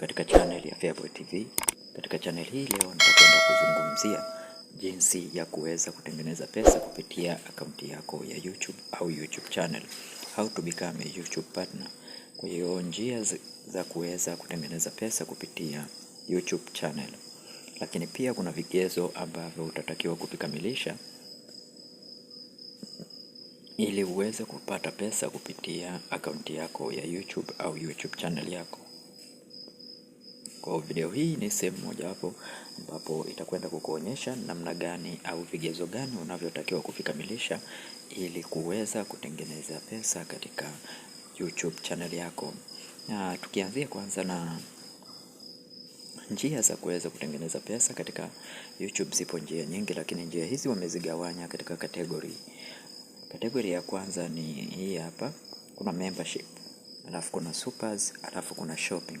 Katika channel ya Feaboy TV. Katika channel hii leo nitakwenda kuzungumzia jinsi ya kuweza kutengeneza pesa kupitia akaunti yako ya YouTube au YouTube channel. How to become a YouTube partner. Kwa hiyo njia za kuweza kutengeneza pesa kupitia YouTube channel. Lakini pia kuna vigezo ambavyo utatakiwa kuvikamilisha ili uweze kupata pesa kupitia akaunti yako ya YouTube au YouTube channel yako. Kwa video hii ni sehemu mojawapo ambapo itakwenda kukuonyesha namna gani au vigezo gani unavyotakiwa kuvikamilisha ili kuweza kutengeneza pesa katika YouTube channel yako. Na tukianzia kwanza na njia za kuweza kutengeneza pesa katika YouTube, zipo njia nyingi, lakini njia hizi wamezigawanya katika kategori. Kategori ya kwanza ni hii hapa, kuna membership, alafu kuna supers, alafu kuna shopping.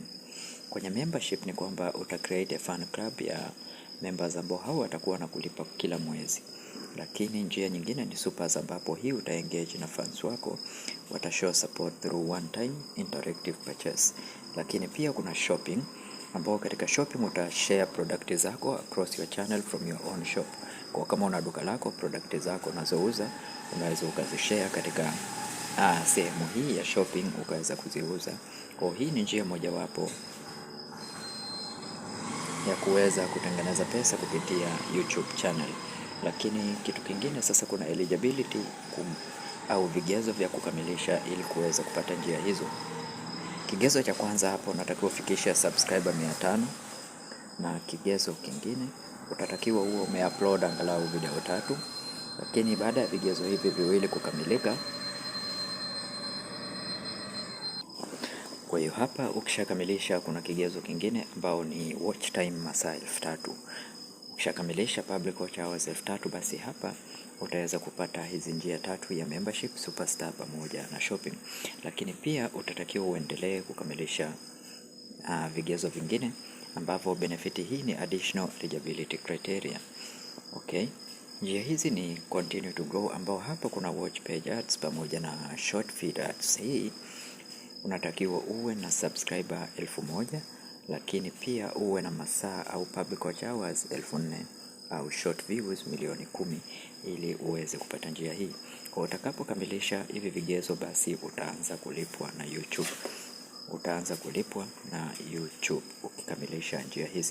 Kwenye membership ni kwamba uta create a fan club ya members ambao hao watakuwa na kulipa kila mwezi, lakini njia nyingine ni supers, ambapo hii uta engage na fans wako, watashow support through one time interactive purchase. Lakini pia kuna shopping ambao katika shopping uta share product zako across your channel from your own shop. Kwa kama una duka lako, product zako unazouza unaweza ukazishare katika ah, sehemu hii ya shopping ukaweza kuziuza. Kwa hii ni njia mojawapo ya kuweza kutengeneza pesa kupitia YouTube channel. Lakini kitu kingine sasa, kuna eligibility kum, au vigezo vya kukamilisha ili kuweza kupata njia hizo. Kigezo cha kwanza hapo, unatakiwa ufikishe subscriber mia na kigezo kingine utatakiwa huo umeupload angalau video tatu. Lakini baada ya vigezo hivi viwili kukamilika Kwa hiyo hapa ukishakamilisha kuna kigezo kingine ambao ni watch time masaa elfu tatu. Ukishakamilisha public watch hours elfu tatu basi hapa utaweza kupata hizi njia tatu ya membership, superstar pamoja na shopping, lakini pia utatakiwa uendelee kukamilisha uh, vigezo vingine ambavyo benefit hii ni additional eligibility criteria. Okay, njia hizi ni continue to grow, ambao hapa kuna watch page ads pamoja na short feed ads hii unatakiwa uwe na subscriber elfu moja lakini pia uwe na masaa au public watch hours elfu nne au short views milioni kumi ili uweze kupata njia hii. Kwa utakapokamilisha hivi vigezo, basi utaanza kulipwa na YouTube, utaanza kulipwa na YouTube ukikamilisha njia hizi.